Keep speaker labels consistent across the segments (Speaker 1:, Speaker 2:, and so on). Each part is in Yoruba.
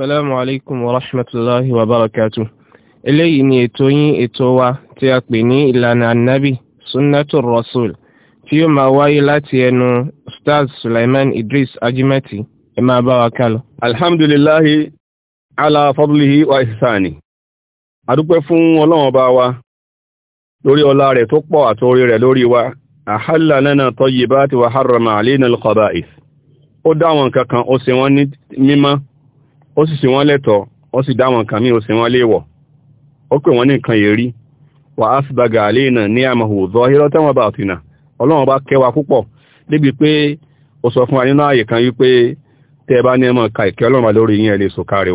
Speaker 1: Assalamu alaikum wa rahmatullahi wa barakatuh. Eléyìí ni ètò yín ètò wa tí a pè ní ìlànà ànábì Sunnatul Rasul tí yóò máa wáyé láti ẹnu Ustaz Sulaiman Idris Ajimati. Ẹ máa bá wa kálọ. Alhamdulillahi ala fadlihi wa ihsani.
Speaker 2: A dúpẹ́ fún Ọlọ́run Ọba wa lórí ọlá rẹ̀ tó pọ̀ àti rẹ̀ lórí wa. Ahalla lana tayyibati wa harrama alayna al-khaba'ith. Ó dá ó sì ṣe wọ́n lẹ́tọ̀ọ́ ó sì dá wọn kan mí ó ṣe wọ́n léèwọ̀ ó pè wọ́n ní nǹkan èrí wà á sì bàgà àlẹ́ náà ní àmọ̀hù zọ́hírọ́ tẹ́wọ̀n bá ọ̀tìnà ọlọ́run bá kẹwa púpọ̀ débi pé ó sọ fún wa nínú ààyè kan wípé tẹ́ ẹ bá ní ẹmọ ka ìkẹ́ ọlọ́run bá lórí yín ẹ lè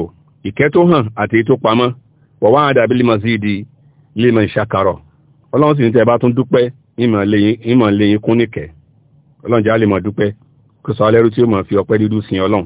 Speaker 2: o ìkẹ́ tó hàn àti tó pamọ́ wá àdàbí lè mọ̀ sí ìdí lè mọ̀ ìṣàkàrọ̀ ọlọ́run sì ní tẹ́ ẹ bá tún dúpẹ́ ìmọ̀ kún ọlọ́run jẹ́ mọ̀ dúpẹ́ sọ alẹ́rú tí ó mọ̀ fi ọpẹ́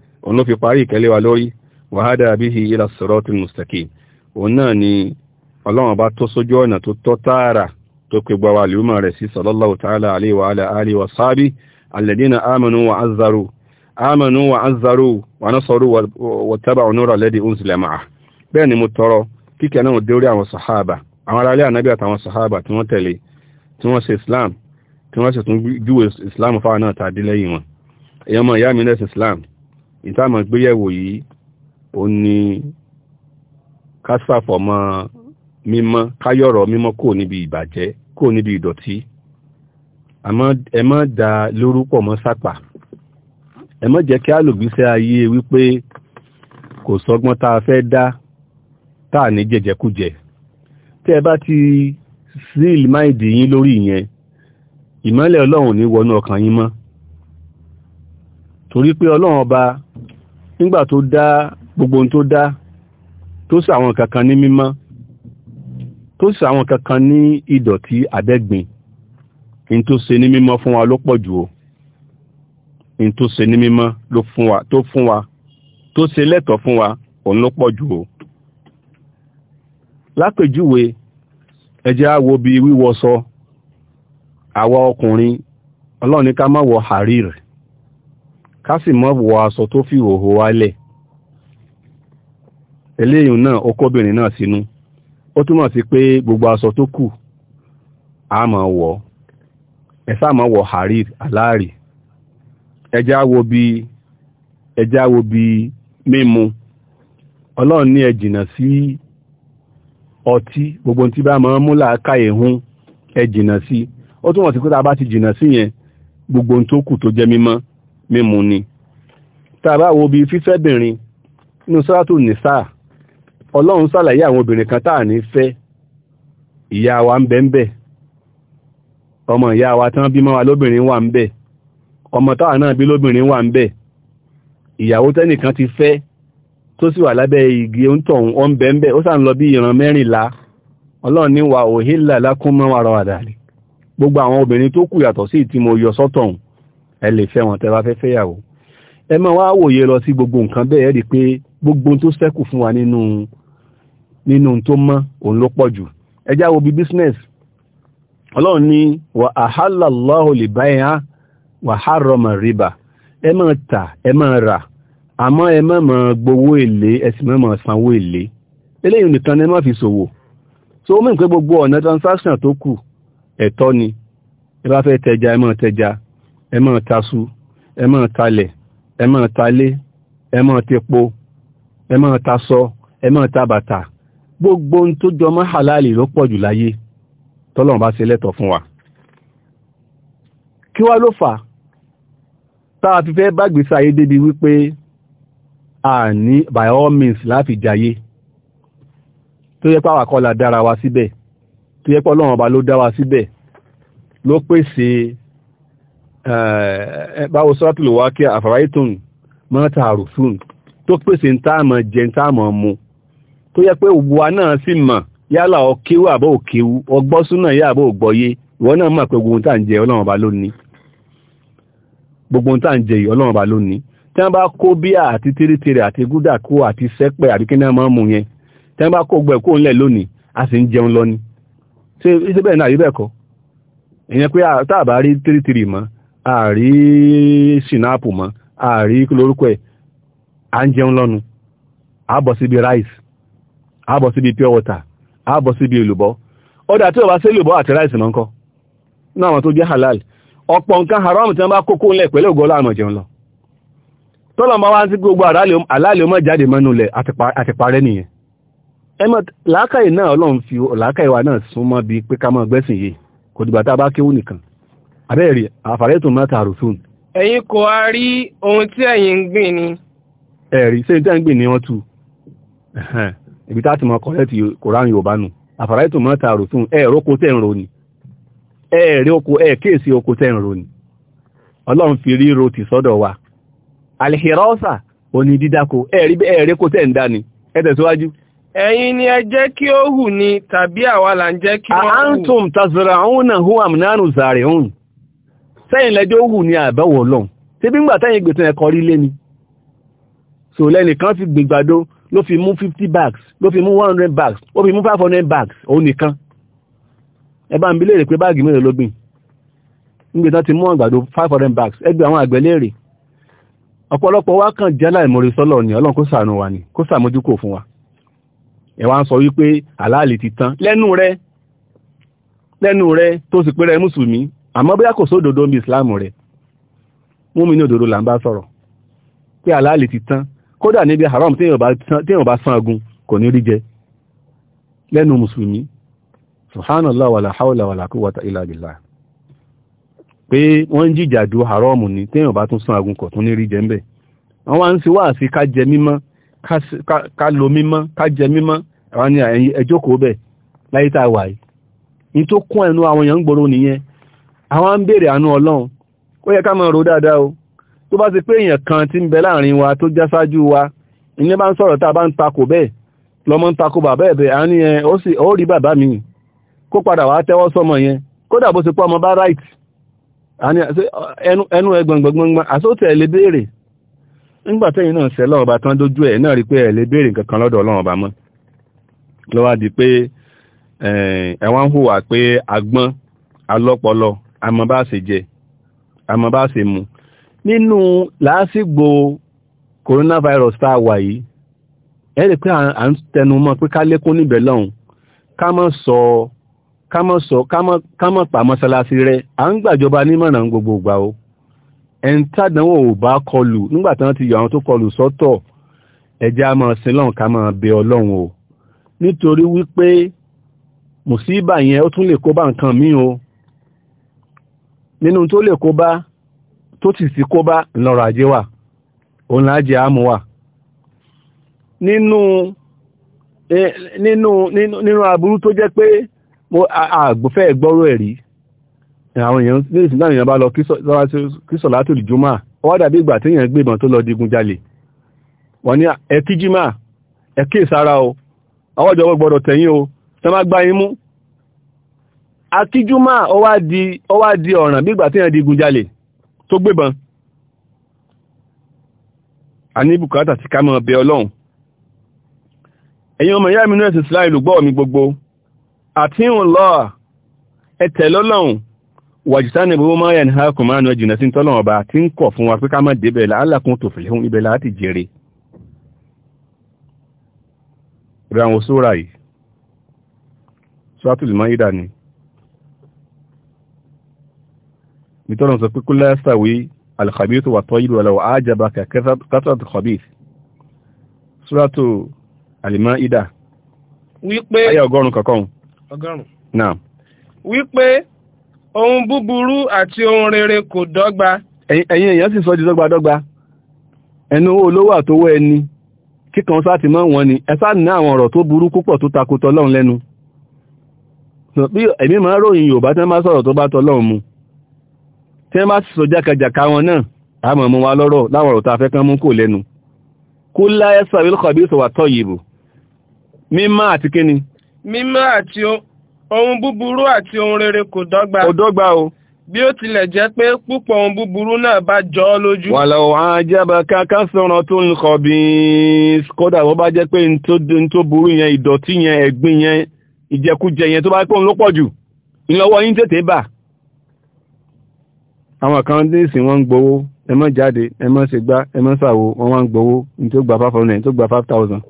Speaker 2: òun ló fi parí ìkẹ́lẹ́ wa lórí wàhádà bihi ila siratil mustaqim òun náà ni ọlọ́run bá tó sójú ọ̀nà tó tọ́ tààrà tó pe gbọ́ wa lùmọ̀ rẹ̀ sí sallallahu ta'ala alaihi wa ala alihi wa sahbi alladhina amanu wa azzaru amanu wa azzaru wa nasaru wa taba'u nura alladhi unzila ma'ah bẹ́ẹ̀ ni mo tọrọ kíkẹ́ náà dé orí àwọn sàhábà ìtàmọ̀ gbéyẹ̀wò yìí ó ní kásàfọ̀mọ́ mímọ́ káyọ̀rọ̀ mímọ́ kò níbi ìbàjẹ́ kò níbi ìdọ̀tí àmọ́ da lórúpọ̀ mọ́ sápà ẹ má jẹ́ kí á lògbíṣẹ́ ayé wípé kò sọgbọ́n tá a fẹ́ dá tá a ní jẹjẹkújẹ tẹ́ ẹ bá ti síl máìdì yín lórí ìyẹn ìmọ́lẹ̀ ọlọ́run ní wọnú ọkàn yín mọ́ torí pé ọlọ́run ọba nígbà tó dá gbogbo ohun tó dá tó sàwọn kankan ní mímọ́ tó sàwọn kankan ní ìdọ̀tí àbẹ́gbìn in tó ṣe ní mímọ́ fún wa ló pọ̀ jù o in tó ṣe ní mímọ́ ló fún wa tó fún wa tó ṣe lẹ́tọ̀ fún wa òun ló pọ̀ jù o lápèjúwe ẹ á wo bí wíwọṣọ àwa ọkùnrin ọlọ́run ká má wọ hàrírì ká sì mọ́ wọ aṣọ tó fi òhò wálẹ̀ eléyìn náà ó kóbìnrin náà sínú ó túmọ̀ sí pé gbogbo aṣọ tó kù a máa wọ̀ ẹ̀sà máa wọ̀ harir aláàrí ẹjá wo bí ẹjá wo bí mímu ọlọ́run ní ẹ jìnnà sí ọtí gbogbo tí bá máa mú làákàyè hún ẹ jìnnà sí ó túmọ̀ sí pé tá a bá ti jìnnà sí yẹn gbogbo tó kù tó jẹ́ mímọ́ mímu ni tàbá wo bí fífẹ́bìnrin nínú sọ́ràtù nìsá ọlọ́run sàlàyé àwọn obìnrin kan táà ní fẹ́ ìyá wa ń bẹ ń bẹ ọmọ ìyá wa tán bímọ wa lóbìnrin wà ń bẹ ọmọ táwa náà bí lóbìnrin wà ń bẹ ìyàwó tẹ́nìkan ti fẹ́ tó sì wà lábẹ́ igi oúntọ̀hún ó ń bẹ ó sàn lọ bí ìran mẹ́rìnlá ọlọ́run ní wa òhìlà lákún mọ́ gbogbo àwọn obìnrin tó kù yàtọ̀ sí ìtí mo yọ sọ́tọ̀hún ẹ lè fẹ́ wọn tẹ́ bá fẹ́ fẹ́yàwó ẹ máa wá wòye lọ sí gbogbo nǹkan bẹ́ẹ̀ ẹ rí i pé gbogbo tó ṣẹ́kù fún wa nínú nínú tó mọ́ òun ló pọ̀ jù ẹ já wo bí business ọlọ́run ní wà ahalla Allahu al-bay'a wà harrama ar-riba ẹ máa tà ẹ máa rà àmọ́ ẹ má máa gbowó èlé ẹ sì má máa sanwó èlé eléyìí nìkan ni ẹ má fi ṣòwò so ó mìíràn pé gbogbo ọ̀nà transaction tó kù ẹ̀tọ́ ni ẹ bá fẹ́ tẹja ẹ máa tẹja ẹ máa tasu ẹ máa talẹ̀ ẹ máa talé ẹ máa tepo ẹ máa tasọ ẹ máa ta bàtà gbogbo ohun tó jọ mọ́ halali ló pọ̀ jù láyé tọ́lọ́run bá ṣe lẹ́tọ̀ fún wa kí wá ló fà táà fi fẹ́ bágbèsè ayé débi wípé a ní by all means láfi jayé tó yẹ pàwà kọ́ la dára wa síbẹ̀ tó yẹ pọ́ lọ́wọ́n ọba ló dá wa síbẹ̀ ló pèsè Eh, báwo sọ́rọ̀tù lè wá kí àfàráìtùn mọ́ta àrùfún tó pèsè ń táàmọ̀ jẹ ń táàmọ̀ mu tó yẹ pé òbúwa náà sì mọ̀ yálà ọkéwú àbọ̀ òkéwú ọgbọ́súnà yà àbọ̀ ògbọ́yé ìwọ náà mọ̀ pé gbogbo tá à ń jẹ ọlọ́run ọba lónìí gbogbo tá à ń jẹ yìí ọlọ́run ọba lónìí tí wọ́n bá kó bíà àti tírítirì àti gúdàkú àti sẹ́pẹ̀ àbí náà máa mú yẹn tí wọ́n bá kó gbẹ̀ kó ńlẹ̀ lónìí a sì ń jẹun lọ ni ṣé bẹ́ẹ̀ náà àbí kọ́ ìyẹn pé tá bá rí tírítirì mọ́ àrí sinapu mọ́ àrí lórúkọ ẹ̀ à ń jẹun lọ́nu àbọ̀ síbi rice àbọ̀ síbi pure water àbọ̀ síbi èlùbọ́ ọdá tí ó bá sí èlùbọ́ àti rice mọ́ ńkọ́ náà wọn tó jẹ́ halal ọ̀pọ̀ nǹkan haram tí wọ́n bá kókó ńlẹ̀ pẹ̀lú ògo láàmọ̀ jẹun lọ tọ́lọ̀mọ́ wá sí gbogbo àlálẹ̀ ọmọ jáde mẹ́nu lẹ̀ àti parẹ́ nìyẹn ẹmọ làákàyè náà ọlọ́run fi làákàyè wa náà súnmọ́ pé ká mọ́ gbẹ́sìn yìí kò dìgbà tá a bá kéwú nìkan àbẹ́ẹ̀rí àfàrẹ́tò mẹ́ta àrùsùn
Speaker 1: ẹ̀yin kò a rí ohun tí ẹ̀yin ń gbìn ni
Speaker 2: ẹ̀rí ṣe tẹ́ ń gbìn ni wọ́n tu ibi tá ti mọ kọ̀lẹ́tì koran yorùbá nù àfàrẹ́tò mẹ́ta àrùsùn ẹ̀rọ oko tẹ́ ń ro ni ẹ̀rí oko ẹ̀ kéèsì oko tẹ́ ń ro ni ọlọ́run fi ríro ti sọ́dọ̀ wa alìhìrọ́sà òní dídáko ẹ̀rí ẹ̀rí kó tẹ́ ń dá ni
Speaker 1: ẹ̀yin ni ẹ jẹ́ kí ó hù ni tàbí àwa là ń jẹ́ kí wọ́n hù.
Speaker 2: àántùm tazara òun náà hu àmì zàrí òun sẹ́yìn lẹ́jọ́ wù ní àbẹ̀wò ọlọ́run tí bí ngbà tẹ́yìn gbèsè ẹ̀kọ́ rí lé ni so lẹ́nìkan fi gbìgbàdo ló fi mú 50 bags ló fi mú hundred bags ó fi mú hundred bags òun nìkan ẹ bá ń bi léèrè pé báàgì mélòó ló gbìn nígbà tán mú àgbàdo 500 bags ẹgbẹ́ àwọn àgbẹ̀ léèrè ọ̀pọ̀lọpọ̀ wa kàn jẹ́ láìmọ̀rí sọ́lọ̀ ni ọlọ́run kó ṣàánú wa ni kó ṣàmójúkò fún wa ẹ wá ń sọ wípé àláàlì ti tán lẹ́nu rẹ lẹ́nu rẹ tó sì pé rẹ mùsùlùmí àmọ́ bóyá kò sódodo ní ìsìláàmù rẹ̀ mú mi ní òdodo là ń bá sọ̀rọ̀ pé àlàálì ti tán kódà níbi haram téèyàn bá san agun kò ní rí jẹ lẹ́nu mùsùlùmí subhanallah wàlà haúlà wàlà quwwata illa billah pé wọ́n ń jìjà ju haram ni téèyàn bá tún san agun kò tún ní rí jẹ ń bẹ̀ wọ́n wá ń sí wá sí ká jẹ mímọ́ ká lo mímọ́ ká jẹ mímọ́ àwọn ni ẹjọ́ kò bẹ̀ láyé tá a wà yìí ní tó kún ẹnu àwọn èèyàn ń gbòòrò nìyẹn àwọn ń bèèrè àánú ọlọ́run ó yẹ ká máa rò dáadáa o tó bá ti pé èèyàn kan tí ń bẹ láàrin wa tó já sáájú wa ilé bá ń sọ̀rọ̀ tá a bá ń takò bẹ́ẹ̀ lọ́mọ ń takò bàbá ẹ̀bẹ̀ a ní ẹ ó sì ó rí bàbá mi kó padà wá tẹ́wọ́ sọmọ yẹn kódà bó ti pọ́ ọmọ bá right ẹnu ẹgbọ̀ngbọ̀ngbọ̀ngbọ̀n àsóòtẹ̀ ẹ̀ lè béèrè nígbà tẹ́yìn náà sẹ́lọ̀ ọba tán dójú ẹ̀ náà rí pé ẹ̀ lè béèrè nǹkan lọ́dọ̀ ọlọ́run ọba mọ́ lọ́wọ́ di pé ẹ̀wọ̀n hùwà pé agbọ́n alọ́pọlọ àmọ́ bá ṣe jẹ àmọ́ bá ṣe mu nínú làásìgbò coronavirus tá a wà yìí ẹ rí pé à ń tẹnu mọ́ pé ká lékún níbẹ̀ lọ́hùn ká mọ́ sọ ká mọ́ sọ ká mọ́ pa mọ́sálásí rẹ à ń gbàjọba nímọ̀ràn gbogbo ìgbà o ẹni tádánwò ò bá kọlù nígbà tí wọ́n ti yọ àwọn tó kọlù sọ́tọ̀ ẹjẹ́ a máa sin lọ́hùn ká máa bẹ ọlọ́run o nítorí wípé mùsíbà yẹn ó tún lè kó bá nǹkan míì o nínú tó lè kó bá tó ti sí kó bá ńlọrọ̀ ajé wà òun lájẹ àmú wà nínú nínú nínú aburú tó jẹ́ pé àgbòfẹ́ gbọ́rọ̀ ẹ̀rí àwọn èèyàn ní ìsìnkú àwọn èèyàn bá lọ kíso látò ìjúmọ́ wọ́n dàbí ìgbà tí èèyàn gbébọn tó lọ digun jalè wọ́n ní ẹkíjímà ẹkí ìsára o ọwọ́jọ́ gbọ́dọ̀ tẹ̀yìn o tẹ́ má gbá yín akíjúmà ọwá di di ọ̀ràn bí ìgbà tí yàn di gunjalè tó gbébọn a ní bùkátà sí kámọ̀ bẹ ọlọ́run ẹ̀yin ọmọ ìyá ìmìnú ẹ̀sìn sílá ìlúgbọ́ mi gbogbo àti ìhùn lọ ẹ̀tẹ̀lọ́lọ́run wàjìtánì gbogbo máa yà ní hákùn máa náà jìnà sí tọ́lọ̀ ọba tí ń kọ̀ fún wa pé ká má débẹ̀ láàlákún tó fìlẹ̀ fún ibẹ̀ láti jèrè ìrànwọ́ sóra yìí sọ́tùlùmọ́ ìdá ni nítorí sọ pé kó lẹ́sàwé alkhabith wà tọ́ yìí lọ́wọ́ ájàbá kẹsàtù khabith suratu al-Maida wípé ayé ọgọ́rùn kankan ọgọ́rùn náà
Speaker 1: wípé ohun búburú àti ohun rere kò dọ́gba ẹ̀yin
Speaker 2: èèyàn sì sọ di dọ́gba dọ́gba ẹnu olówó àtowó ẹni kíkan sáti mọ́ wọn ni ẹ sáà ní àwọn ọ̀rọ̀ tó tí wọ́n bá sọ jákàjàká wọn náà àmọ́ mú wa lọ́rọ̀ láwọn ọ̀rọ̀ tá a fẹ́ kán mú kò lẹ́nu kú láyé sàbílù kọ̀bíìsì wà tọ́ yìí mímọ́ àti kíni.
Speaker 1: mímọ́ àti ohun búburú àti ohun rere kò dọ́gba. kò dọ́gba o. bí ó tilẹ̀ jẹ́ pé púpọ̀ ohun búburú náà bá jọ ọ́ lójú. wà
Speaker 2: lọ́wọ́ ajábà káká sọ̀rọ̀ tó ń kọ̀ bí kódà wọ́n bá jẹ́ pé n tó burú yẹn ìdọ̀tí yẹn ẹ̀gbin yẹn ìjẹkújẹ yẹn tó bá pé òun ló jù ìlọ́wọ́ yín tètè bà àwọn kan dé sí wọ́n ń gbowó ẹ má jáde ẹ má gbá ẹ má wọ́n wá ń gbowó ní tó gba five tó gba five thousand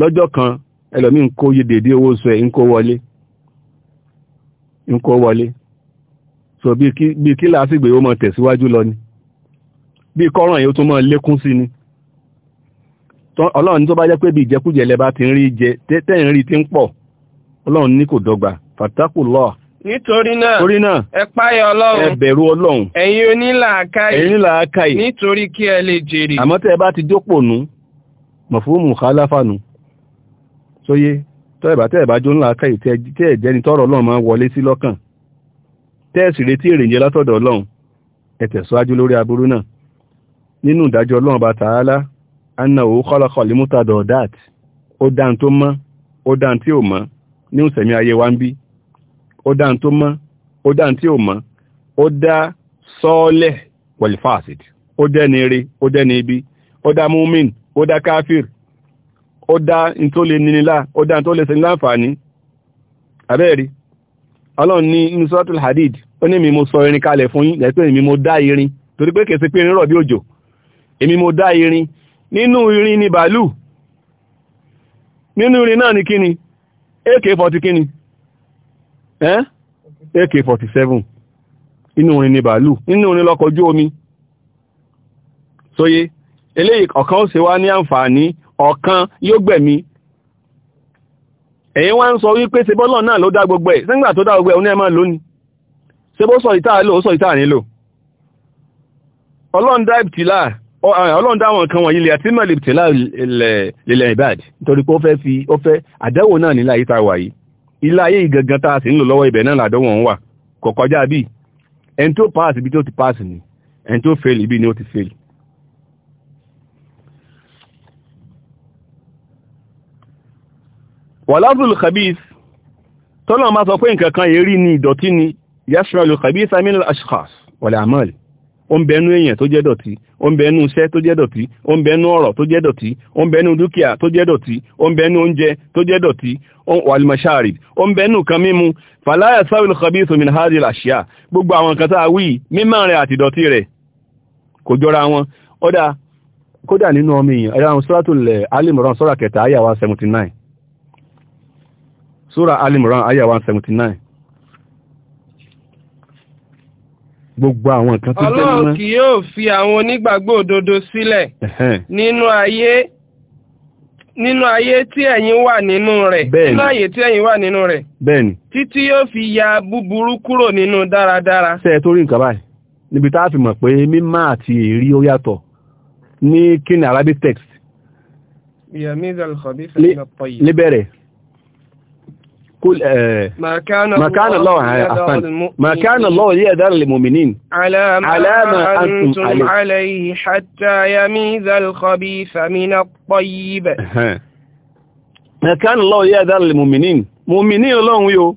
Speaker 2: lọ́jọ́ kan ẹlòmí ń kó dèdé owó oṣù ẹ̀ ń kó wọlé ń kó wọlé so bí kí làásìgbè ó mọ tẹ̀síwájú lọ ni bí kọ́ràn yóò tún mọ́ lékún sí ni ọlọ́run tó bá jẹ́ pé bí ìjẹkújẹ lẹ bá ti ń rí jẹ tẹ́yìn rí ti ń pọ̀ ọlọ́run ní kò dọ́gba fàtákù
Speaker 1: nítorí náà torí náà ẹ páyà ọlọ́run ẹ
Speaker 2: bẹ̀rù ọlọ́run
Speaker 1: ẹ̀yin onílàákàyè ẹ̀yin onílàákàyè nítorí kí ẹ lè jèrè àmọ́ tẹ́
Speaker 2: ẹ bá ti jópò nú mọ̀fúnmù kálàfànù sóyé tọ́ ẹ̀bá tẹ́ ẹ̀bá jó ńlàákàyè tẹ́ ẹ̀ jẹ́ni tọ́rọ̀ ọlọ́run máa wọlé sí lọ́kàn tẹ́ ẹ̀ sì retí èrèǹjẹ látọ̀dọ̀ ọlọ́run ẹ tẹ̀síwájú lórí aburú náà nínú ìdájọ́ ọlọ́run bá tààlà anna òun kọ́lọ́kọ̀ límútàdọ̀ dat ó dáhùn tó mọ́ ó dáhùn tí ò mọ́ ní ìsẹ̀mí ayé wa ń bí ó dá tó mọ́ ó dá tí ò mọ́ ó dá sọ́ọ́lẹ̀ wọ̀lífàṣìd ó dẹ́ni rí ó dẹ́ni ibi ó dá múmin ó dá káfíìr ó dá tó nínílá ó dá tó lè sinilá àǹfààní ọlọ́run ní inú hadid ó ní mi mo sọ irin kalẹ̀ fún yín lẹ́pẹ́ mi mo dá irin torí pé kèsì pé irin rọ̀ bí òjò èmi mo dá irin nínú irin ni bàálù nínú irin náà ni kíni ak-40 kíni AK-47 inú orin ni bàálù inú orin lọ́kọ̀ ojú omi sóyé eléyìí ọ̀kan ó ni anfani ní àǹfààní ọ̀kan mi. gbẹ̀mí ẹ̀yin wá ń pe wípé sebọ́lọ̀ náà lo da gbogbo ẹ̀ sẹ́ngbà tó da gbogbo ẹ̀ oníẹ̀mọ́ Se sebó sọ ita lò ó sọ ìta nílò ọlọ́run dá ìbtìlá ọlọ́run dá àwọn nǹkan wọ̀nyí lè àtìmọ̀ ìbtìlá lè lẹ́yìn báyìí nítorí pé ó fẹ́ fi ó fẹ́ àdẹ́wò náà nílà yìí tá a wà ilé ayé ìgangan tá a sì ń lò lọ́wọ́ ibẹ̀ náà làdánwò ń wà kò kọjá bí ẹni tó pass ibi tó ti pass ni ẹni tó fail ibi ni ó ti fail wàláfùlù khabith tọ́lọ́ máa sọ pé nǹkan kan yẹrí ni ìdọ̀tí ni yashmalu khabith amínú ashkhas wal a'mal ó ń bẹnu èèyàn tó jẹ́ dọ̀tí ó ń bẹnu iṣẹ́ tó jẹ́ dọ̀tí ó ń bẹnu ọ̀rọ̀ tó jẹ́ dọ̀tí ó ń bẹnu dúkìá tó jẹ́ dọ̀tí ó ń bẹnu oúnjẹ tó jẹ́ dọ̀tí wàlìmọ̀ṣáàrì ó ń bẹnu kan mímu fàlàyà sáwìlì kọbíìsù min hadi làṣíà gbogbo àwọn kan tá a wí mímọ́ rẹ̀ àti dọ̀tí rẹ̀ kò jọra wọn ọ̀dà kódà nínú ọmọ èèyàn ẹ̀rọ àwọn sọ́ràtù lẹ̀ alìmọ̀ràn sọ́rà kẹta àyà 179 sọ́rà alìmọ̀ràn àyà 179 gbogbo àwọn nǹkan tó jẹ́ mọ́. ọlọ́run kì
Speaker 1: yóò fi àwọn onígbàgbọ́ òdodo sílẹ̀ nínú ayé nínú ayé tí ẹ̀yin wà nínú rẹ̀ nínú ayé tí ẹ̀yin wà nínú rẹ̀ bẹ́ẹ̀ni títí yóò fi ya búburú kúrò nínú dáradára.
Speaker 2: ṣe é torí nǹkan báyìí níbi tá a fi mọ̀ pé mímọ́ àti èrí ó yàtọ̀ ní kíni arabic text.
Speaker 1: ìyàmí ìzàlùkọ́ bí fẹ́ẹ́ lọ pọ̀ yìí. قل ما كان الله ما كان
Speaker 2: الله يدار ما للمؤمنين
Speaker 1: على ما, أنتم, عليه. عليه حتى يميز الخبيث من الطيب
Speaker 2: ما كان الله يدار للمؤمنين مؤمنين Ọlọ́run يو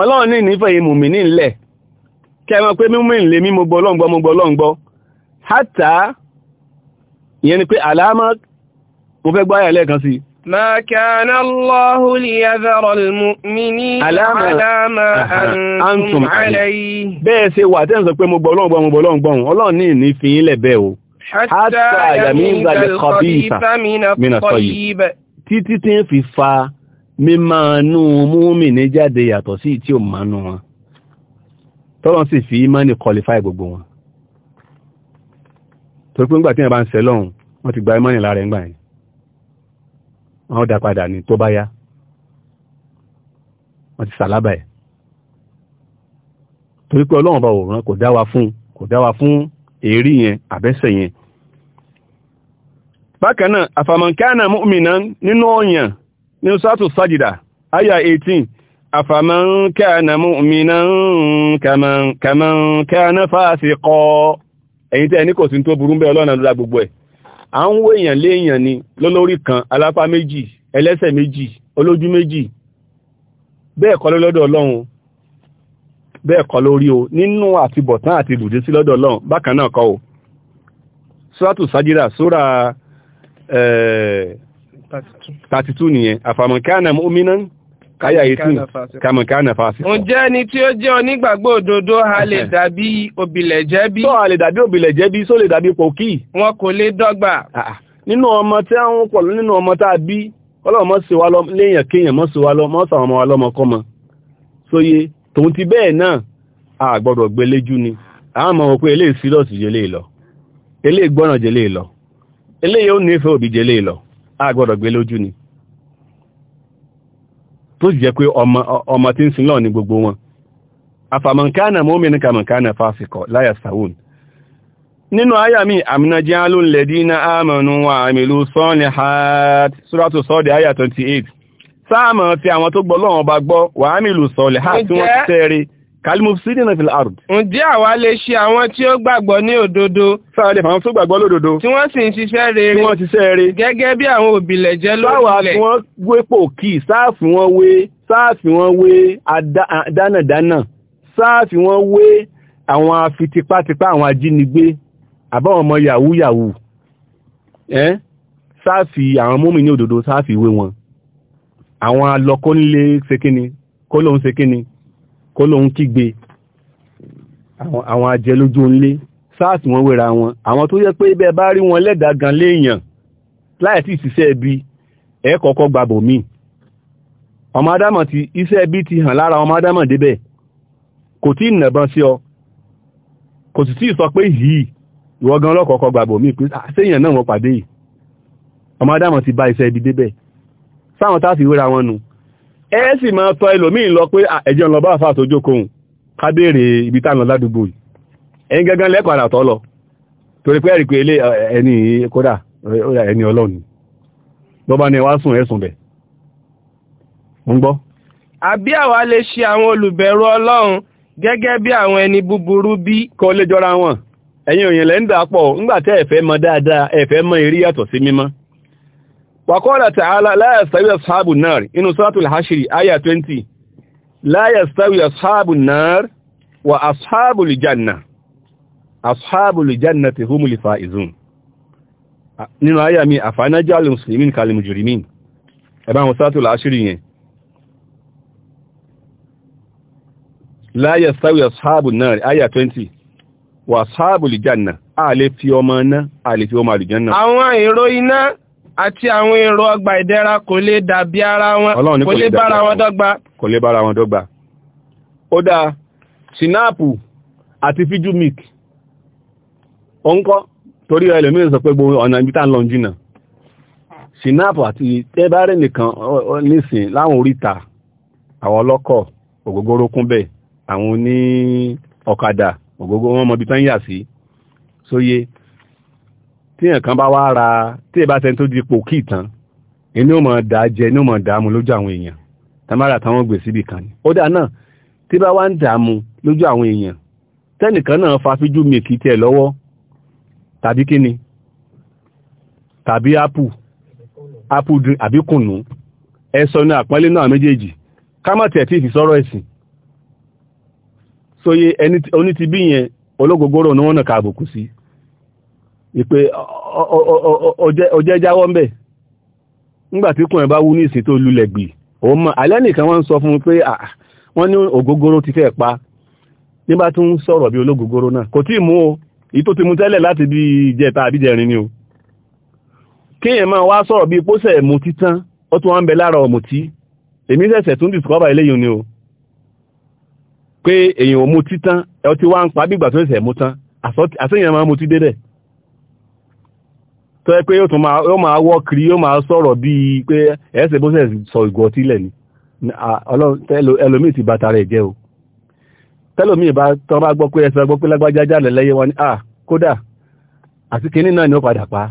Speaker 2: Ọlọ́run ní ní fẹ́ mùmìnín lẹ̀ kẹ́ mọ̀ pé mùmìnín lè mí mo gbọ́ Ọlọ́run gbọ́ mo gbọ́ Ọlọ́run gbọ́ hátà ìyẹn ni pé
Speaker 1: ما كان الله ليذر المؤمنين على ما أنتم عليه
Speaker 2: bẹ́ẹ̀ ṣe wà tẹ́ ń sọ pé mo gbọ́ Ọlọ́run gbọ́ mo gbọ́ Ọlọ́run gbọ́ Ọlọ́run ní ní fi yín lẹ̀ bẹ́ẹ̀ o
Speaker 1: hatta yamiza al-khabitha min at-tayyib
Speaker 2: títí tí ń fi fa mímánú múmìnì jáde yàtọ̀ sí tí ó mánú wọn tọ́lọ́n sì fi ìmánì qualify gbogbo wọn torí pé ńgbà tí wọ́n bá ń sẹ́lọ́run wọ́n ti gba ìmánì lára ẹ̀ngbà yẹn wọ́n dá padà ní tó bá yá wọ́n ti sàlábà ẹ̀ torí pé ọlọ́run bá òòrùn kò dá wa fún kò dá wa fún èrí yẹn àbẹ́sẹ̀ yẹn bákan náà àfàmọ̀kánà múmìnà nínú ọ̀yàn nínú sátù sájìdà àyà 18 àfàmọ̀kánà múmìnà kàmọ̀kánà fásikọ́ ẹ̀yìn tẹ́ ní kò sí tó burú bẹ́ẹ̀ ọlọ́run lọ́dá gbogbo ẹ̀ à ń wé èèyàn léèyàn ni lólórí kan alápá méjì ẹlẹ́sẹ̀ méjì olójú méjì bẹ́ẹ̀ kọ́ lọ́dọ̀ ọlọ́run bẹ́ẹ̀ kọ́ lórí o nínú àtibọ̀tán àti ibùdí sí lọ́dọ̀ ọlọ́run bákan náà kọ́ o sóràtù sájírà sóra ẹ̀ẹ́ 32 nìyẹn àfàmọ̀kánà mọ́mínà káyà eighteen kàmùkánà
Speaker 1: ni tí ó jẹ́ onígbàgbọ́ òdodo a lè dàbí òbílẹ̀ jẹ́bí. tó a lè dàbí òbílẹ̀ jẹ́bí lè dàbí wọn kò lè dọ́gba. Ah, ah.
Speaker 2: nínú ọmọ tí a ń pọ̀ nínú ọmọ tá a bí ọlọ́run mọ́ léèyàn kéèyàn mọ́ sí wa tòun ti bẹ́ẹ̀ náà a gbọ́dọ̀ ni eléyìí gbọ́nà tó jẹ́ pé ọmọ tí ń sin lọ́ọ̀ ní gbogbo wọn àfàmọ̀nkánà mọ́mìnì kàmọ̀nkánà fásikọ̀ láyà sàún nínú àyà mi àmìnàjẹ́ alóǹlẹ̀dínà àmọ̀nù àmìlú sọ́ọ̀lì hàt sóràtò sọ́ọ̀dì àyà 28 sáàmọ̀ ti àwọn tó gbọ́ lọ́wọ́n bá gbọ́ wà ámìlú sọ́ọ̀lì hàt tí wọ́n ti
Speaker 1: kalimufsidi na fil ard. ǹjẹ́ àwa lè ṣe àwọn tí ó gbàgbọ́ ní òdodo. sáà lè fàwọn tó gbàgbọ́ lódodo. tí wọ́n sì ń ṣiṣẹ́ rere. tí wọ́n ti ṣiṣẹ́ rere. gẹ́gẹ́ bí àwọn òbílẹ̀ jẹ́ lórílẹ̀. sáwà tí
Speaker 2: wọ́n wépò kì sáàfì wọn wé sáàfì wọn wé dánàdánà sáàfì wọn wé àwọn afitipátipá àwọn ajínigbé àbáwọn ọmọ yahoo yahoo ẹ́ sáàfì àwọn mùmínì òdodo sáàfì wé wọn àwọn alọ́kọ́nilé ṣe kólóhùn ṣe kó lóun kígbe àwọn ajẹlójú ńlé sars wọ́n wéra wọn àwọn tó yẹ pé bẹ́ẹ̀ bá rí wọn lẹ́dàá gan léèyàn láì tí ìṣiṣẹ́ ibi ẹ kọ́kọ́ gbàbò míì ọmọ adámọ̀ ti iṣẹ́ ibi ti hàn lára ọmọ adámọ̀ débẹ̀ kò tí ìnàbọn sí ọ kò sì tí ì sọ pé yìí ìwọ gan lọ́kọ̀ọ́kọ́ gbàgbọ́ mi pé séèyàn ah, náà wọ́n pàdé yìí ọmọ adámọ̀ ti bá iṣẹ́ ibi débẹ̀ sáwọn táàsì wéra wọn nù ẹ sì máa tọ́ ẹlòmíì lọ pé ẹ̀jẹ̀ ń bá àfáà tó jókòó ibi taa ládùúgbò yìí ẹ̀yin gangan lẹ́kọ̀ọ́ lọ torí pé ilé ẹni kódà ẹni lọ́ba ni wá sùn ẹ̀sùn bẹ̀ ń gbọ́.
Speaker 1: àbí àwa lè ṣe àwọn ẹni búburú bí. kò lè jọra wọn ẹ̀yin òyìnlẹ̀ ń dà
Speaker 2: pọ̀ وقال تعالى لا يستوي أصحاب النار إن سورة الحشر آية 20 لا يستوي أصحاب النار وأصحاب الجنة أصحاب الجنة هم الفائزون nínú ayà mi àfàánájá alìmùsùlùmín kalìmùjùrìmín ẹ̀bá wọn sátò láṣírí yẹn láyẹ̀ sáwẹ̀ ṣáàbù náà ayà 20 wà ṣáàbù lìjánà a lè fi ọmọ náà a lè
Speaker 1: àti àwọn èrò ọgbà ìdẹ̀ra kò lè dàbí ara wọn kò lè bára wọn dọ́gba
Speaker 2: kò lè bára wọn dọ́gba ó dáa sinapu àti fijumic ó ń kọ́ torí ẹlòmíràn sọ pé gbogbo ọ̀nà ibi tá ń lọ jìnà sinapu àti tẹ́bárẹ̀ nìkan nísìn láwọn oríta àwọn ọlọ́kọ̀ ògógóró kúnbẹ̀ àwọn oní ọ̀kadà ògógóró wọn mọbi tán yà sí sóyé so tí ẹ̀kan bá wá ra tí ìbá sẹ́ni tó di pòkì tán inú mọ̀ dá jẹ inú mọ̀ dààmú lójú àwọn èèyàn tamara táwọn gbè síbi kan ni ó dà náà tí bá wá ń dààmú lójú àwọn èèyàn tẹ́nìkan náà fa fíjú mi kì í tiẹ̀ lọ́wọ́ tàbí kíni tàbí ápù ápù àbí kùnú ẹsọ ní àpọ́nlé náà méjèèjì kámọ̀tẹ̀ tí ìfìsọ́rọ̀ ẹ̀sìn sóye ẹni oní ti bí yẹn ológogoro ni wọ́n nà ka àbùkù sí ìpé ọjẹ́ jáwọ́ ń bẹ̀ nígbàtí kùn ẹ̀ bá wú ní ìsìn tó lulẹ̀ gbì òun mọ̀ alẹ́ nìkan wọ́n ń sọ fún un pé wọ́n ní ògógóró ti fẹ́ pa nígbà tó ń sọ̀rọ̀ bí ológógóró náà kò tí mú o èyí tó ti mú tẹ́lẹ̀ láti bí ìjẹta àbí jẹrin ni o kéèyàn máa wá sọ̀rọ̀ bí pósẹ̀ mu títán ó tún wá ń bẹ lára ọ̀mùtí èmi ṣẹ̀ṣẹ̀ tún dìsọ́bà eléyìí ni o pé èèyàn ò mu títán ẹ tó yẹ pé yóò tún máa yóò máa wọ́ kiri yóò máa sọ̀rọ̀ bíi pé ẹ̀ẹ́sẹ̀ bó ṣẹ̀ sọ ìgọ̀ sílẹ̀ ni ẹlòmíì ti bàtà rẹ̀ jẹ́ o tẹ́lòmíì bá tọ́ bá gbọ́ pé ẹsẹ̀ gbọ́ pé lágbájá jálẹ̀ wọn ni ah kódà àti kínní náà ni ó padà pa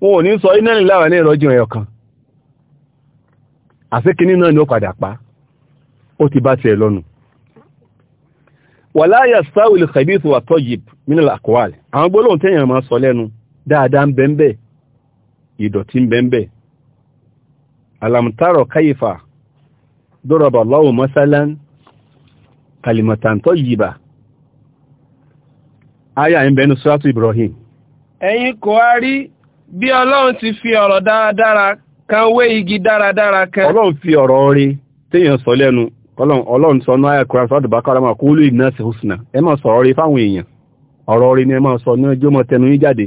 Speaker 2: wọn ò ní sọ iná ní láwọn ní ìrọ́jú ẹ̀yọ̀ kan àti kínní náà ni ó padà pa ó ti bá tiẹ̀ lọ́nu wàláyà sáwìlì khabith wà tayyib min al àwọn gbólóhùn tẹ́yàn máa sọ lẹ́nu dáadáa mbembe idoti mbembe ń bẹ́ńbẹ́ alamtaro kaifa dọ́rọ̀bà Allahu masalan kalimatan tayyiba aya ń suratu Ibrahim
Speaker 1: ẹ̀yin kò á rí bí ọlọ́run ti fi ọ̀rọ̀ dáradára kan wé igi
Speaker 2: dáradára kan ọlọ́run fi ọ̀rọ̀ rí téèyàn sọ lẹ́nu ọlọ́run sọ náà ẹ̀kọ́ sọ́dọ̀ bá kọ́ra máa kú lù ìnáṣẹ́ húsùnà ẹ máa sọ̀rọ̀ rí fáwọn èèyàn ọ̀rọ̀ rí ni e ma sọ ní ọjọ́ mọ́ tẹnu yín jáde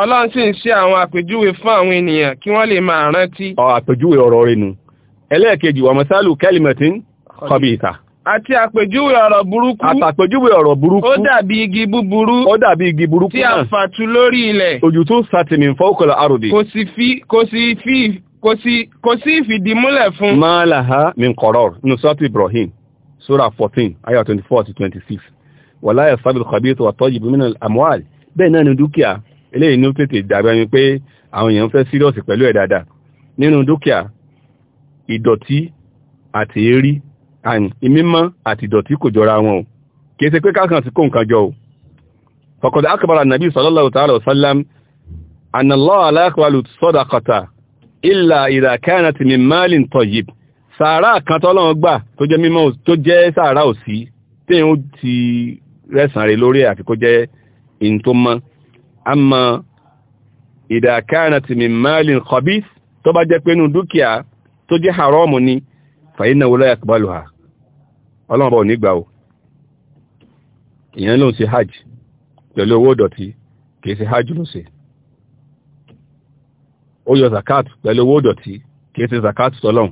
Speaker 1: ọlọ́run sì ń ṣe àwọn àpèjúwe fún àwọn ènìyàn kí wọ́n lè máa rántí.
Speaker 2: àpèjúwe ọ̀rọ̀ rẹ̀ nù ẹlẹ́ẹ̀kejì wàmọ́sálù kẹ́lìmẹ̀tín kọbíìtà
Speaker 1: àti àpèjúwe ọ̀rọ̀ burúkú àtàpèjúwe ọ̀rọ̀ burúkú ó dàbí igi búburú ó dàbí igi burúkú náà tí a fàtu lórí ilẹ̀
Speaker 2: ojú tó sátìmí fọ́kọlọ àròdì kò
Speaker 1: sì fi kò sì fi kò sí ìfìdímúlẹ̀ fún.
Speaker 2: máa làhá min kọ̀rọ̀ nínú sọ́tù Ibrahim sura 14 ayah 24 to 26 wàláyà sábìlì kọ̀bí tó wà tọ́jú bí mínú àmúhàlì bẹ́ẹ̀ náà ni dúkìá eléyìí ní ó tètè dàgbà mi pé àwọn èèyàn fẹ́ sírọ́ọ̀sì pẹ̀lú ẹ̀ dáadáa nínú dúkìá ìdọ̀tí àti èérí ìmímọ́ àti ìdọ̀tí kò jọra wọn o kìí ṣe pé kákan sí kó nǹkan jọ o fọkọ̀dá akọbara nàbí sallallahu ta'ala wasallam anallahu la yaqbalu sadaqata illa idha kanat min malin tayyib sàárà kan tọ́lọ́run gbà tó jẹ́ mímọ́ tó jẹ́ sàárà òsì téèyàn ti rẹ̀sàn rẹ̀ lórí àti jẹ́ in àmọ́ ìdàkánà ti mi máàlì kọbí tó bá jẹ́ pé nú dúkìá tó jẹ́ haramu ni fàyínà wọlé àkùbálù ha ọlọ́mọba ò nígbà o ìyẹn ló ń ṣe hajj pẹ̀lú owó dọ̀tí kìí ṣe hajj ló ṣe ó yọ zakat pẹ̀lú owó dọ̀tí kìí ṣe zakat tọ́lọ́n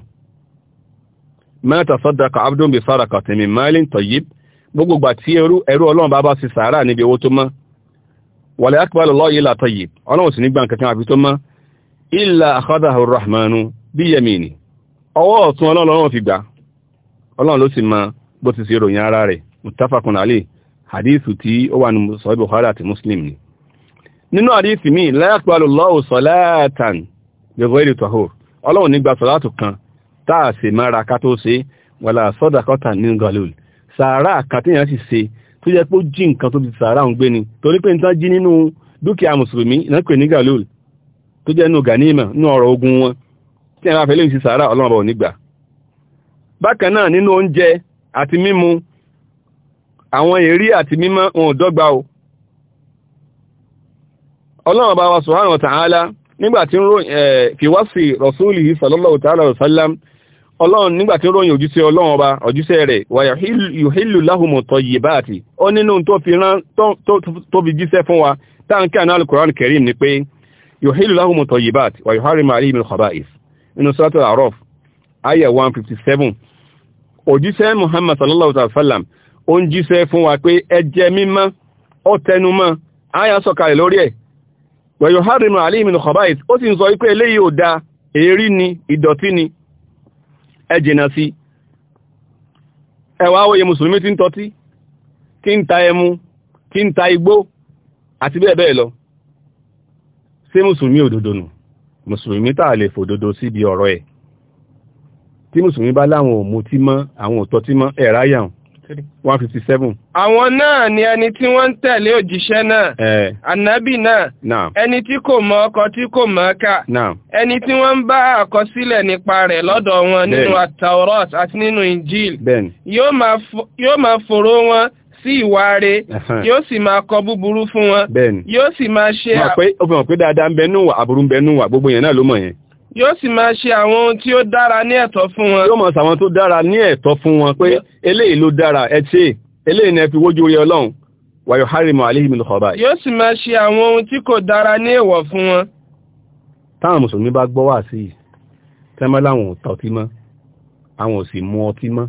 Speaker 2: mẹ́ta sọ́dọ̀kà abdul bisara kàtẹ́mì máàlì tọ̀yí gbogbo gbà tí ẹrú ọlọ́mọba bá ṣe sàárà níbi owó tó mọ́ wàlẹ̀ akpọ̀lọ̀ lọ́yí látọ̀yì ọlọ́wọ̀ sí nígbà kankan àfi tó mọ́ ilà àkọ́dàhù rahmanu bí yẹmìnì ọwọ́ ọ̀tún ọlọ́run fi gbà ọlọ́run ló sì mọ bó ti ṣe ròyìn ara rẹ̀ mutafakun ali hadithu tí ó wà ní sọ bukhari àti muslim ni nínú hadithu mi láyàpọ̀lọ̀ lọ́wọ́ sọ̀láàtàn lẹ́gbẹ̀rẹ̀ tọ́hù ọlọ́run nígbà sọ̀láàtù kan táà sì mára ká tó ṣe wàlà sọ́dàkọ́tà ní galul sàárà kan sì ṣe tó jẹ́ pé ó jí nǹkan tó ti sàárà ń gbé ni torí pé nǹkan jí nínú dúkìá mùsùlùmí ìnápè ní galil tó jẹ́ nínú ganima nínú ọ̀rọ̀ ogun wọn tí ẹ̀ bá fẹ́ léyìn sí sàárà ọlọ́run bọ̀ nígbà bákan náà nínú oúnjẹ àti mímu àwọn èrí àti mímọ́ wọn ò dọ́gba o ọlọ́run wa subhanahu wa ta'ala nígbà tí ń ròyìn fìwásì rọ̀súlì sallallahu ta'ala ọlọ́run nígbà tí ó ròyìn òjíṣẹ́ ọlọ́run ọba òjíṣẹ́ rẹ̀ wàyà yòhílù láhùmù tọ̀yìbáàtì ó nínú tó fi rán tó fi jíṣẹ́ fún wa táǹkì àná alukoran kẹrin ni pé yòhílù láhùmù tọ̀yìbáàtì wàyà hàrí màrí mi khaba'is nínú suratul A'raf ayà 157 òjíṣẹ́ Muhammad sallallahu alaihi wasallam ó ń jíṣẹ́ fún wa pé ẹ jẹ mímọ́ ó tẹnumọ́ ayà sọ̀kalẹ̀ lórí ẹ̀ wàyà hàrí màrí mi khaba'is ó sì ń sọ wípé eléyìí ò da èérí ni ìdọ̀tí ni ẹ jìnà sí ẹwà awòye mùsùlùmí tí ń tọ́tí tí ń ta ẹmu tí ń ta igbó àti bẹ́ẹ̀ bẹ́ẹ̀ lọ ṣé mùsùlùmí òdodo nù mùsùlùmí tàà lè fòdodo síbi ọ̀rọ̀ ẹ̀ tí mùsùlùmí bá láwọn ò mutí mọ́ àwọn ò tọ́tí mọ́ ẹ̀ráyàwó 157.
Speaker 1: Àwọn náà ni ẹni tí wọ́n ń tẹ̀lé òjíṣẹ́ náà. Ànábì náà. Ẹni tí kò mọ ọkọ tí kò mọ kà. Ẹni tí wọ́n ń bá àkọsílẹ̀ nípa rẹ̀ lọ́dọ̀ wọn nínú Ataurat àti nínú Injil. Yóò máa fòró wọn sí ìwà Yóò sì máa kọ búburú fún wọn. Yóò sì máa ṣe.
Speaker 2: Ó fi hàn pé dáadáa ń bẹnú wà, àbúrú ń bẹnú wà, gbogbo yẹn náà ló mọ̀ yẹn.
Speaker 1: yóò sì máa ṣe àwọn ohun tí ó dára ní ẹ̀tọ́ fún wọn. yóò máa ṣàwọn tó dára ní ẹ̀tọ́ fún wọn pé eléyìí ló dára
Speaker 2: ẹ ṣe eléyìí ni ẹ fi wójú rí ọlọ́run wàyọ̀ harimu aléhìmí ló kọ̀ọ̀bá.
Speaker 1: yóò sì máa ṣe àwọn ohun tí kò dára ní èèwọ̀ fún wọn.
Speaker 2: táwọn mùsùlùmí bá gbọ́ wá sí i tẹ́mọ́ láwọn ò tọ́tí mọ́ àwọn ò sì mu ọtí mọ́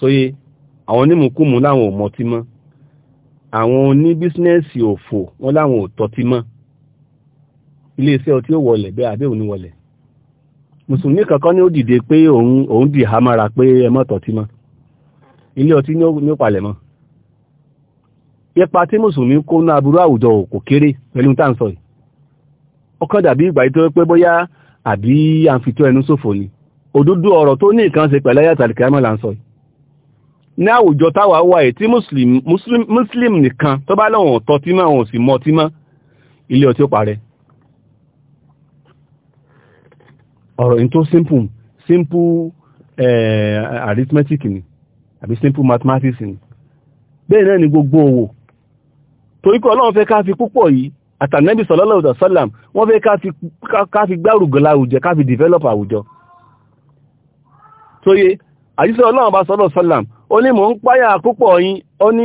Speaker 2: sóyè àwọn onímùkúmu láwọn ò mọtí mọ́ àwọn oníbísínẹ́sì òfò wọn láwọn ò tọ́tí mọ́ iléeṣẹ́ ọtí ó wọlẹ̀ bẹ́ẹ̀ àbí òun wọlẹ̀ mùsùlùmí kankan ní ó dìde pé òun òun dì ha mára pé ẹmọ́ tọ̀tí mọ́ ilé ọtí ní ó palẹ̀ mọ́ ipa tí mùsùlùmí kó ní aburú àwùjọ kò kéré pẹ̀lú tá à ń sọ yìí ọkàn dàbí ìgbà tó pé bóyá àbí à ń fi tó ẹnu ṣòfò ni òdodo ọ̀rọ̀ tó ní nǹkan ṣe pẹ̀lú ayáta àlìkàmọ́ là ń sọ yìí ní àwùjọ táwa wà yìí tí mùsùlùm nìkan tó bá lọ́wọ́n tọ́tí mọ́ àwọn òsì mọ́ mọ́ ilé ọtí ó parẹ́ ọ̀rọ̀ in tó simple simple eh, arithmetic ni àbí simple mathematics ni bẹ́ẹ̀ náà ni gbogbo owó torí kọ́ ọlọ́run fẹ́ ká fi púpọ̀ yìí àtànẹ́bì sallallahu alaihi wasallam wọ́n fẹ́ ká fi gbárùgọ́lá àwùjọ ká fi develop àwùjọ tó yé àjíṣẹ́ ọlọ́run bá sallallahu alaihi wasallam ó ní mò ń páyà púpọ̀ yín ó ní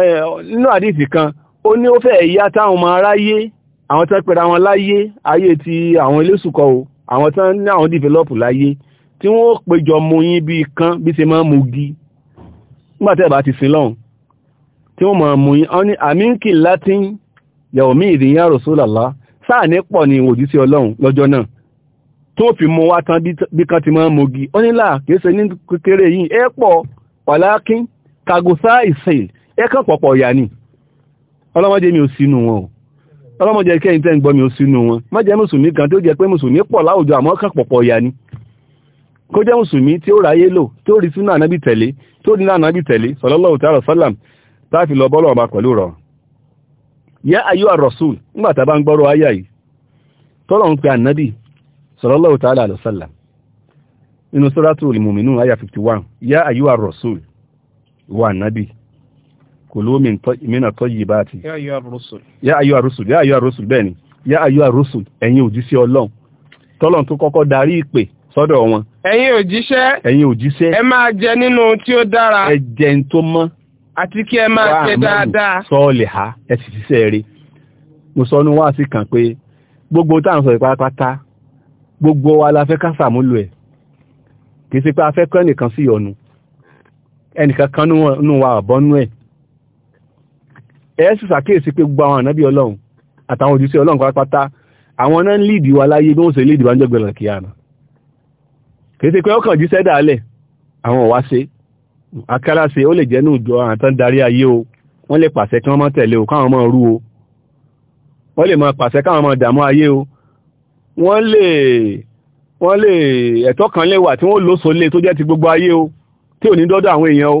Speaker 2: eh, nínú àdìsí kan ó ní ó fẹ́ ìyá táwọn ọmọ aráyé àwọn tẹ́ àwọn láyé ayé ti àwọn ilé sùkọ́ o àwọn tán ní àwọn dìfẹ́lọ́pù láyé tí wọ́n péjọ mú yín bí kán bí ṣe máa mú gí nígbàtẹ́ bá ti sin lọ́hùn tí wọ́n máa mú yín ọ́n ní àmínkì latin yàwòmí ìdíyàn rọ̀sọ́làlá sáà ní pọ̀ ní ìwòjú sí ọlọ́run lọ́jọ́ náà tó fi mú wá tán bí kán ti máa mú gí ó nílà kéèsè ní kékeré yìí ẹ pọ̀ pàlákín kàgùsá ìsìn ẹ kàn pọ̀pọ̀ yà ni ọlọ́mọdé mi ò sínú wọn o ọlọ́mọjẹ kẹ́yìn tẹ́ ń gbọ́ mi ó sínú wọn má jẹ́ mùsùlùmí kan tí ó jẹ́ pé mùsùlùmí pọ̀ láwùjọ àmọ́ pọ̀pọ̀ ya ni kó jẹ́ mùsùlùmí tí ó ráyé lò tí ó rí sínú ànábì tẹ̀lé tó ní ànábì tẹ̀lé sallallahu ta'ala rọ ya ayú nígbà tá a bá ń gbọ́rọ̀ ayá yìí tọ́lọ̀ ń pe ànábì sallallahu ta'ala sallam nínú 51 kulu min at-tayyibati.
Speaker 1: ya ayyuha ar-rusul
Speaker 2: ya ayyuha ar-rusul ya ayyuha ar-rusul bẹ́ẹ̀ ni ya ayyuha ar-rusul ẹ̀yin òjíṣẹ́ ọlọ́run tọ́lọ́run tó kọ́kọ́ darí ìpè sọ́dọ̀ wọn.
Speaker 1: ẹ̀yin òjíṣẹ́
Speaker 2: ẹ̀yin òjíṣẹ́ ẹ
Speaker 1: máa jẹ nínú tí ó dára
Speaker 2: ẹ jẹ n tó mọ́
Speaker 1: àti kí ẹ máa jẹ dáadáa
Speaker 2: sọ́ọ̀lì ha ẹ sì ṣiṣẹ́ rí mo sọ ní wáàsí kan pé gbogbo táwọn sọ ìpátápátá gbogbo wa la fẹ́ ká sàmúlò ẹ̀ kì í ṣe pé a fẹ́ kọ́ ẹnìkan sí ọ̀nù ẹnìkan kan nínú wa ọ̀bọ́nú ẹ̀ ẹ̀ẹ́sì sàkíyèsí pé gbogbo àwọn ànábí ọlọ́run àtàwọn òjíṣẹ́ ọlọ́run pátápátá àwọn náà ń lìdí wa láyé bí wọ́n ṣe lìdí wa ń jọ́gbẹ̀rẹ̀ kíyàmá kéèsì pé ọkàn jíṣẹ́ dàálẹ̀ àwọn ọ̀wá ṣe akálá ṣe ó lè jẹ́ ní ìjọ àtàn darí ayé o wọ́n lè pàṣẹ kí wọ́n máa tẹ̀lé o káwọn máa rú o wọ́n lè máa pàṣẹ káwọn máa dààmú ayé o wọ́n lè wọ́n lè ẹ̀tọ́ kan lè wà tí wọ́n lóso lé tó jẹ́ ti gbogbo ayé o tí ò ní dọ́dọ̀ àwọn èèyàn o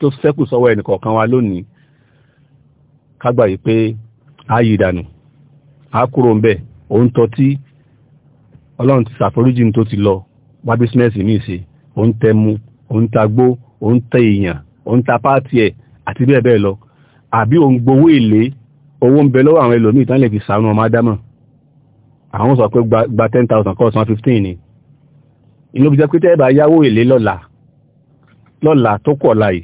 Speaker 2: tó sẹ́kù sọ́wọ́ ẹnìkọ̀ọ̀kan wa lónìí kágbà yìí pé a yìí dànù a kúrò ń bẹ̀ òun tọ́ tí ọlọ́run ti ṣàforíjì tó ti lọ wá bísínẹ́sì míì ṣe òun tẹ mu òun ta èèyàn òun ta ẹ̀ àti bẹ́ẹ̀ bẹ́ẹ̀ lọ àbí òun gbowó èlé owó ń bẹ lọ́wọ́ àwọn ẹlòmíì tán lè fi sàánú ọmọ ádámọ̀ àwọn sọ pé gba ten thousand kọ́ fifteen ni inú bí jẹ́ pé tẹ́ẹ̀bà yáwó èlé lọ́la lọ́la tó kọ̀ láyìí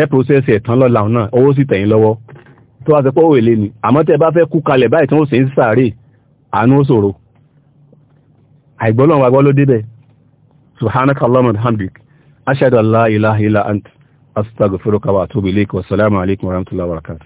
Speaker 2: ẹ process ẹ̀ tán lọ́la náà owó sì tẹ̀yìn lọ́wọ́ tó wá sọ pé òwe lé ni àmọ́ tẹ́ bá fẹ́ kú kalẹ̀ báyìí tí wọ́n sì ń sàárè àánú òṣòro àìgbọ́lọ́wọ́ agbọ́ ló débẹ̀ subhanakallahumma wa hamdik